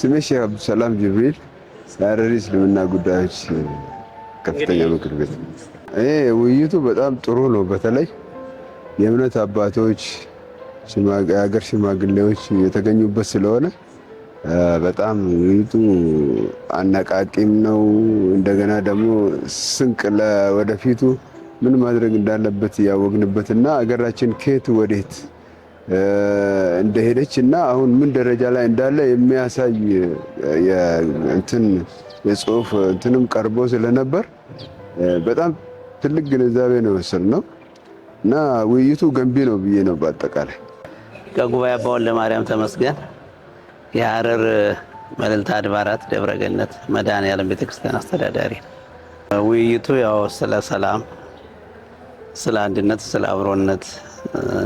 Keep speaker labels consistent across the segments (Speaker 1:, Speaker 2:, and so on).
Speaker 1: ስሜ ሼህ አብዱሰላም ጅብሪል የሀረሪ እስልምና ጉዳዮች ከፍተኛ ምክር ቤት። ይሄ ውይይቱ በጣም ጥሩ ነው። በተለይ የእምነት አባቶች፣ የሀገር ሽማግሌዎች የተገኙበት ስለሆነ በጣም ውይይቱ አነቃቂም ነው። እንደገና ደግሞ ስንቅ ለወደፊቱ ምን ማድረግ እንዳለበት ያወግንበትና እና ሀገራችን ከየት ወዴት እንደሄደች እና አሁን ምን ደረጃ ላይ እንዳለ የሚያሳይ እንትን የጽሁፍ እንትንም ቀርቦ ስለነበር በጣም ትልቅ ግንዛቤ ነው ነው እና ውይይቱ ገንቢ ነው ብዬ ነው። በአጠቃላይ
Speaker 2: ከጉባኤ አባ ለማርያም ተመስገን የሀረር መልዕልተ አድባራት ደብረገነት ገነት መድኃኔዓለም ቤተክርስቲያን አስተዳዳሪ ውይይቱ ያው ስለ ሰላም፣ ስለ አንድነት፣ ስለ አብሮነት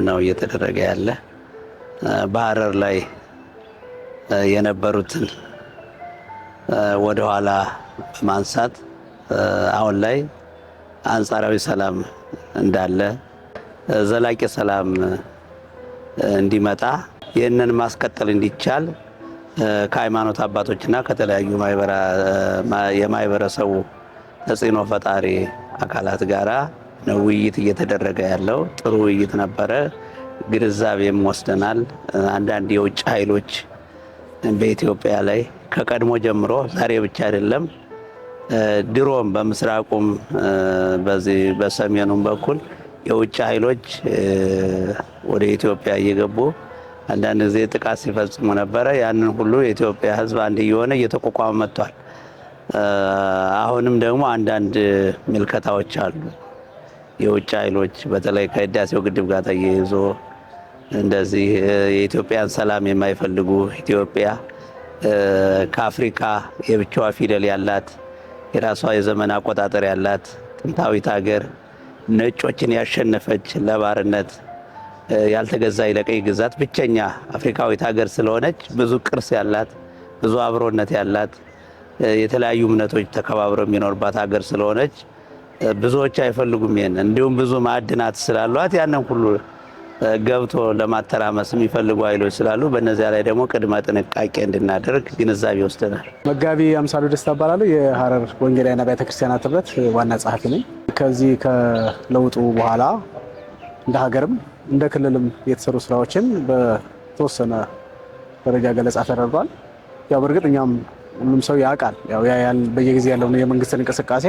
Speaker 2: ነው እየተደረገ ያለ። በሀረር ላይ የነበሩትን ወደኋላ በማንሳት አሁን ላይ አንጻራዊ ሰላም እንዳለ፣ ዘላቂ ሰላም እንዲመጣ ይህንን ማስቀጠል እንዲቻል ከሃይማኖት አባቶችና ከተለያዩ የማህበረሰቡ ተጽዕኖ ፈጣሪ አካላት ጋራ ነው ውይይት እየተደረገ ያለው። ጥሩ ውይይት ነበረ። ግንዛቤም ወስደናል። አንዳንድ የውጭ ኃይሎች በኢትዮጵያ ላይ ከቀድሞ ጀምሮ ዛሬ ብቻ አይደለም፣ ድሮም በምስራቁም በዚህ በሰሜኑም በኩል የውጭ ኃይሎች ወደ ኢትዮጵያ እየገቡ አንዳንድ ጊዜ ጥቃት ሲፈጽሙ ነበረ። ያንን ሁሉ የኢትዮጵያ ሕዝብ አንድ እየሆነ እየተቋቋመ መጥቷል። አሁንም ደግሞ አንዳንድ ምልከታዎች አሉ። የውጭ ኃይሎች በተለይ ከህዳሴው ግድብ ጋር ተያይዞ እንደዚህ የኢትዮጵያን ሰላም የማይፈልጉ ኢትዮጵያ ከአፍሪካ የብቻዋ ፊደል ያላት የራሷ የዘመን አቆጣጠር ያላት ጥንታዊት ሀገር ነጮችን ያሸነፈች ለባርነት ያልተገዛ ለቀይ ግዛት ብቸኛ አፍሪካዊት ሀገር ስለሆነች ብዙ ቅርስ ያላት ብዙ አብሮነት ያላት የተለያዩ እምነቶች ተከባብረው የሚኖርባት ሀገር ስለሆነች ብዙዎች አይፈልጉም። ይሄን እንዲሁም ብዙ ማዕድናት ስላሏት ያንን ሁሉ ገብቶ ለማተራመስ የሚፈልጉ ኃይሎች ስላሉ በእነዚያ ላይ ደግሞ ቅድመ ጥንቃቄ እንድናደርግ ግንዛቤ ወስደናል።
Speaker 3: መጋቢ አምሳሉ ደስታ እባላለሁ። የሀረር ወንጌላዊና አብያተ ክርስቲያናት ዋና ጸሐፊ ነኝ። ከዚህ ከለውጡ በኋላ እንደ ሀገርም እንደ ክልልም የተሰሩ ስራዎችን በተወሰነ ደረጃ ገለጻ ተደርጓል። ያው በእርግጥ እኛም ሁሉም ሰው ያውቃል ያው በየጊዜ ያለውን የመንግስትን እንቅስቃሴ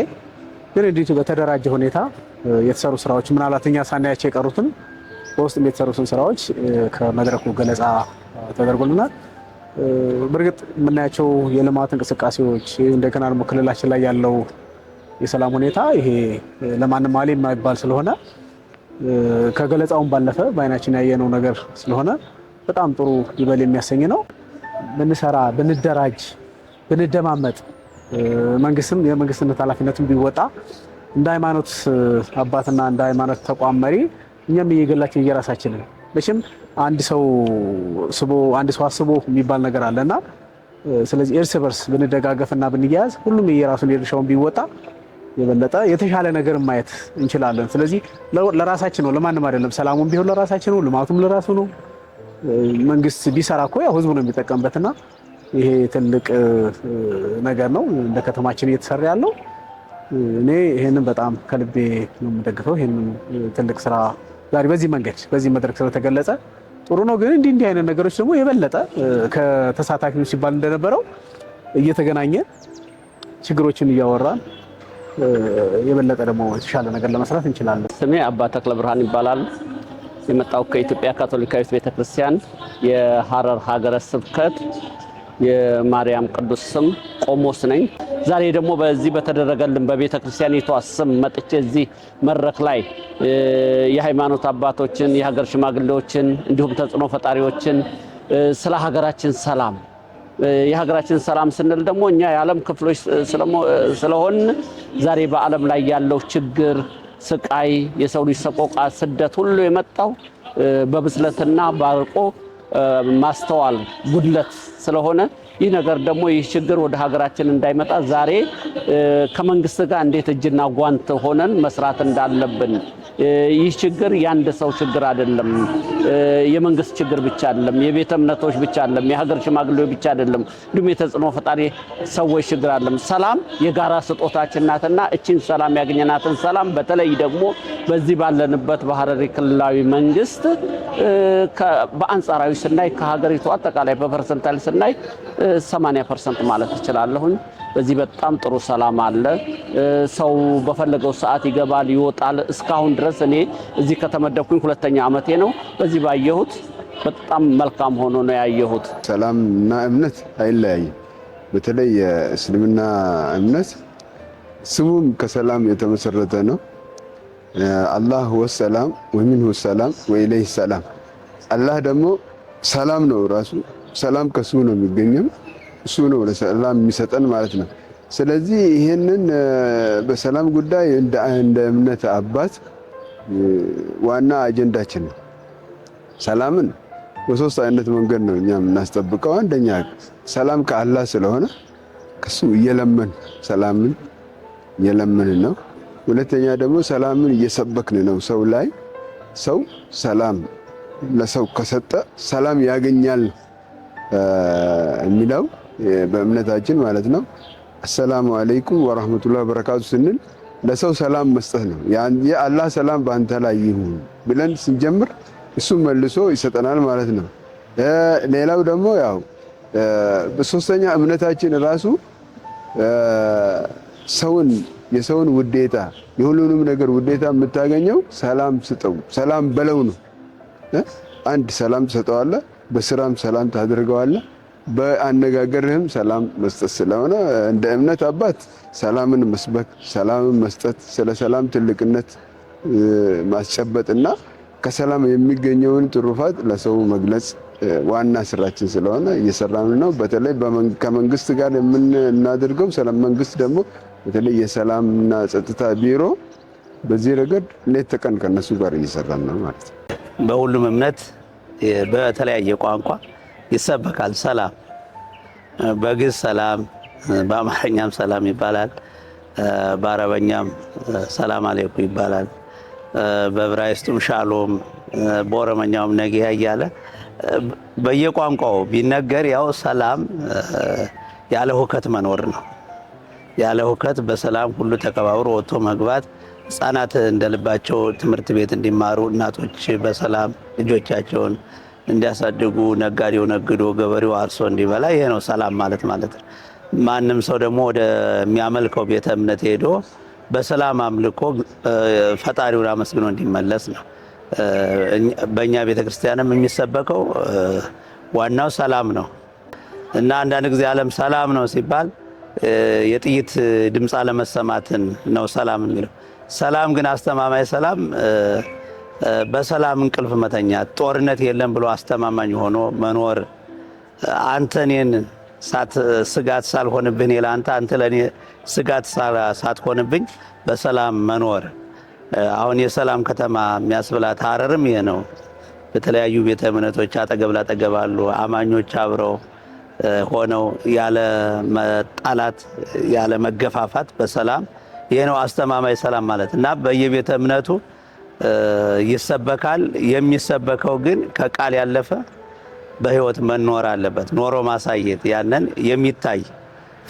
Speaker 3: ግን እንዲቱ በተደራጀ ሁኔታ የተሰሩ ስራዎች ምናልባት እኛ ሳናያቸው የቀሩትን በውስጥ የተሰሩትን ስራዎች ከመድረኩ ገለጻ ተደርጎልናል። በእርግጥ የምናያቸው የልማት እንቅስቃሴዎች እንደገና ደግሞ ክልላችን ላይ ያለው የሰላም ሁኔታ ይሄ ለማንም አሌ የማይባል ስለሆነ ከገለጻውን ባለፈ በአይናችን ያየነው ነገር ስለሆነ በጣም ጥሩ ይበል የሚያሰኝ ነው። ብንሰራ፣ ብንደራጅ፣ ብንደማመጥ መንግስትም የመንግስትነት ኃላፊነትን ቢወጣ እንደ ሃይማኖት አባትና እንደ ሃይማኖት ተቋም መሪ እኛም የየገላችን እየራሳችንን መቼም አንድ ሰው ስቦ አንድ ሰው አስቦ የሚባል ነገር አለና ስለዚህ እርስ በርስ ብንደጋገፍና ብንያያዝ ሁሉም የየራሱን የድርሻውን ቢወጣ የበለጠ የተሻለ ነገር ማየት እንችላለን። ስለዚህ ለራሳችን ነው፣ ለማንም አይደለም። ሰላሙም ቢሆን ለራሳችን ነው፣ ልማቱም ለራሱ ነው። መንግስት ቢሰራ እኮ ያው ህዝቡ ነው የሚጠቀምበትና ይሄ ትልቅ ነገር ነው እንደ ከተማችን እየተሰራ ያለው። እኔ ይሄንን በጣም ከልቤ ነው የምደግፈው። ይሄንን ትልቅ ስራ ዛሬ በዚህ መንገድ በዚህ መድረክ ስለተገለጸ ጥሩ ነው። ግን እንዲህ እንዲህ አይነት ነገሮች ደግሞ የበለጠ ከተሳታፊዎች ሲባል እንደነበረው እየተገናኘን ችግሮችን እያወራን የበለጠ ደግሞ የተሻለ ነገር ለመስራት እንችላለን።
Speaker 2: ስሜ አባ ተክለ ብርሃን ይባላል። የመጣው ከኢትዮጵያ ካቶሊካዊት ቤተክርስቲያን የሀረር ሀገረ ስብከት የማርያም ቅዱስ ስም ቆሞስ ነኝ። ዛሬ ደግሞ በዚህ በተደረገልን በቤተ ክርስቲያኒቷ ስም መጥቼ እዚህ መድረክ ላይ የሃይማኖት አባቶችን፣ የሀገር ሽማግሌዎችን እንዲሁም ተጽዕኖ ፈጣሪዎችን ስለ ሀገራችን ሰላም የሀገራችን ሰላም ስንል ደግሞ እኛ የዓለም ክፍሎች ስለሆን ዛሬ በዓለም ላይ ያለው ችግር፣ ስቃይ፣ የሰው ልጅ ሰቆቃ፣ ስደት ሁሉ የመጣው በብስለትና ባርቆ ማስተዋል ጉድለት ስለሆነ ይህ ነገር ደግሞ ይህ ችግር ወደ ሀገራችን እንዳይመጣ ዛሬ ከመንግስት ጋር እንዴት እጅና ጓንት ሆነን መስራት እንዳለብን ይህ ችግር የአንድ ሰው ችግር አይደለም፣ የመንግስት ችግር ብቻ አይደለም፣ የቤተ እምነቶች ብቻ አይደለም፣ የሀገር ሽማግሌዎች ብቻ አይደለም፣ እንዲሁም የተጽዕኖ ፈጣሪ ሰዎች ችግር አይደለም። ሰላም የጋራ ስጦታችን ናትና እችን ሰላም ያገኘናትን ሰላም በተለይ ደግሞ በዚህ ባለንበት በሀረሪ ክልላዊ መንግስት በአንጻራዊ ስናይ ከሀገሪቱ አጠቃላይ በፐርሰንታል ስናይ 80 ፐርሰንት ማለት እችላለሁኝ በዚህ በጣም ጥሩ ሰላም አለ። ሰው በፈለገው ሰዓት ይገባል ይወጣል። እስካሁን ድረስ እኔ እዚህ ከተመደብኩኝ ሁለተኛ ዓመቴ ነው። በዚህ ባየሁት በጣም መልካም ሆኖ ነው ያየሁት።
Speaker 1: እና እምነት አይለያይም። በተለይ የእስልምና እምነት ስሙም ከሰላም የተመሰረተ ነው። አላህ ወሰላም ወሚንሁ ሰላም ወኢለይህ ሰላም። አላህ ደግሞ ሰላም ነው ራሱ። ሰላም ከሱ ነው የሚገኘው። እሱ ነው ለሰላም የሚሰጠን ማለት ነው። ስለዚህ ይህንን በሰላም ጉዳይ እንደ እምነት አባት ዋና አጀንዳችን ነው። ሰላምን በሶስት አይነት መንገድ ነው እኛ የምናስጠብቀው። አንደኛ ሰላም ከአላህ ስለሆነ ከሱ እየለመን ሰላምን እየለመንን ነው። ሁለተኛ ደግሞ ሰላምን እየሰበክን ነው ሰው ላይ ሰው ሰላም ለሰው ከሰጠ ሰላም ያገኛል የሚለው በእምነታችን ማለት ነው። አሰላሙ አለይኩም ወራህመቱላህ በረካቱ ስንል ለሰው ሰላም መስጠት ነው። የአላህ ሰላም በአንተ ላይ ይሁን ብለን ስንጀምር እሱ መልሶ ይሰጠናል ማለት ነው። ሌላው ደግሞ ያው በሶስተኛ እምነታችን ራሱ ሰውን የሰውን ውዴታ የሁሉንም ነገር ውዴታ የምታገኘው ሰላም ስጠው ሰላም በለው ነው። አንድ ሰላም ትሰጠዋለህ፣ በስራም ሰላም ታደርገዋለህ። በአነጋገርህም ሰላም መስጠት ስለሆነ እንደ እምነት አባት ሰላምን መስበክ፣ ሰላምን መስጠት፣ ስለ ሰላም ትልቅነት ማስጨበጥና ከሰላም የሚገኘውን ትሩፋት ለሰው መግለጽ ዋና ስራችን ስለሆነ እየሰራን ነው። በተለይ ከመንግስት ጋር የምናደርገው መንግስት ደግሞ በተለይ የሰላምና ጸጥታ ቢሮ በዚህ ረገድ ሌት ተቀን ከነሱ ጋር እየሰራን ነው ማለት ነው።
Speaker 2: በሁሉም እምነት በተለያየ ቋንቋ ይሰበካል። ሰላም በግዕዝ ሰላም፣ በአማርኛም ሰላም ይባላል። በአረበኛም ሰላም አሌኩ ይባላል። በብራይስጡም ሻሎም፣ በኦሮመኛውም ነጊያ እያለ በየቋንቋው ቢነገር ያው ሰላም ያለ ሁከት መኖር ነው። ያለ ሁከት በሰላም ሁሉ ተከባብሮ ወጥቶ መግባት፣ ህፃናት እንደልባቸው ትምህርት ቤት እንዲማሩ እናቶች በሰላም ልጆቻቸውን እንዲያሳድጉ ነጋዴው ነግዶ ገበሬው አርሶ እንዲበላ ይሄ ነው ሰላም ማለት ማለት ነው። ማንም ሰው ደግሞ ወደሚያመልከው ቤተ እምነት ሄዶ በሰላም አምልኮ ፈጣሪውን አመስግኖ እንዲመለስ ነው። በእኛ ቤተ ክርስቲያንም የሚሰበከው ዋናው ሰላም ነው እና አንዳንድ ጊዜ ዓለም ሰላም ነው ሲባል የጥይት ድምፅ አለመሰማትን ነው ሰላም የሚለው። ሰላም ግን አስተማማኝ ሰላም በሰላም እንቅልፍ መተኛት፣ ጦርነት የለም ብሎ አስተማማኝ ሆኖ መኖር፣ አንተ እኔን ስጋት ሳልሆንብህ እኔ ለአንተ አንተ ለእኔ ስጋት ሳትሆንብኝ በሰላም መኖር። አሁን የሰላም ከተማ የሚያስብላት ሀረርም ይሄ ነው። በተለያዩ ቤተ እምነቶች አጠገብ ላጠገብ አሉ አማኞች አብረው ሆነው ያለ መጣላት ያለ መገፋፋት በሰላም ይህ ነው አስተማማኝ ሰላም ማለት እና በየቤተ እምነቱ ይሰበካል። የሚሰበከው ግን ከቃል ያለፈ በህይወት መኖር አለበት። ኖሮ ማሳየት ያንን የሚታይ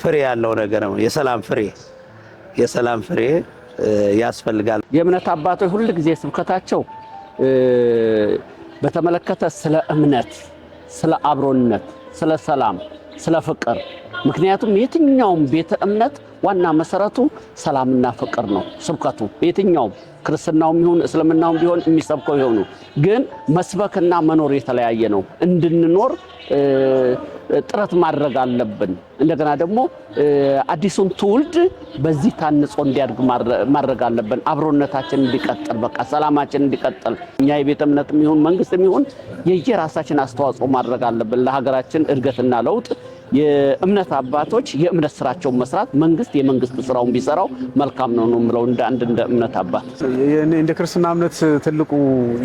Speaker 2: ፍሬ ያለው ነገር ነው። የሰላም ፍሬ የሰላም ፍሬ ያስፈልጋል።
Speaker 4: የእምነት አባቶች ሁል ጊዜ ስብከታቸው በተመለከተ ስለ እምነት፣ ስለ አብሮነት፣ ስለ ሰላም፣ ስለ ፍቅር ምክንያቱም የትኛውም ቤተ እምነት ዋና መሰረቱ ሰላምና ፍቅር ነው። ስብከቱ የትኛውም ክርስትናውም ይሁን እስልምናውም ቢሆን የሚሰብከው ይሆኑ ግን መስበክና መኖር የተለያየ ነው። እንድንኖር ጥረት ማድረግ አለብን። እንደገና ደግሞ አዲሱን ትውልድ በዚህ ታንጾ እንዲያድግ ማድረግ አለብን። አብሮነታችን እንዲቀጥል፣ በቃ ሰላማችን እንዲቀጥል እኛ የቤተ እምነት የሚሆን መንግስት የሚሆን የየራሳችን አስተዋጽኦ ማድረግ አለብን ለሀገራችን እድገትና ለውጥ የእምነት አባቶች የእምነት ስራቸውን መስራት መንግስት የመንግስት ስራውን ቢሰራው መልካም ነው ነው የምለው እንደ አንድ እንደ እምነት አባት
Speaker 3: እንደ ክርስትና እምነት ትልቁ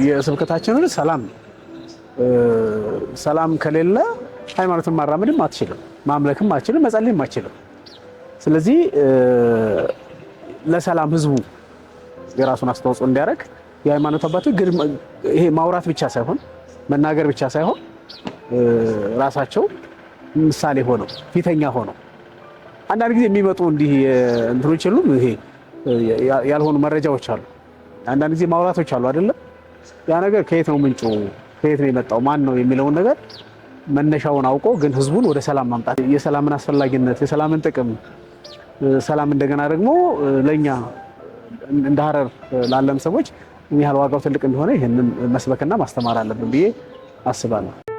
Speaker 3: የስብከታችን ሰላም ነው። ሰላም ከሌለ ሃይማኖትን ማራመድም አትችልም፣ ማምለክም አትችልም፣ መጸለይም አትችልም። ስለዚህ ለሰላም ህዝቡ የራሱን አስተዋጽኦ እንዲያደርግ የሃይማኖት አባቶች ይሄ ማውራት ብቻ ሳይሆን መናገር ብቻ ሳይሆን ራሳቸው ምሳሌ ሆነው ፊተኛ ሆነው አንዳንድ ጊዜ የሚመጡ እንዲህ እንትኖች የሉም ይሄ ያልሆኑ መረጃዎች አሉ። አንዳንድ ጊዜ ማውራቶች አሉ አይደለም? ያ ነገር ከየት ነው ምንጩ፣ ከየት ነው የመጣው፣ ማን ነው የሚለውን ነገር መነሻውን አውቆ ግን ህዝቡን ወደ ሰላም ማምጣት የሰላምን አስፈላጊነት የሰላምን ጥቅም ሰላም እንደገና ደግሞ ለእኛ እንደ ሀረር ላለም ሰዎች ምን ያህል ዋጋው ትልቅ እንደሆነ ይህንን መስበክና ማስተማር አለብን ብዬ አስባለሁ።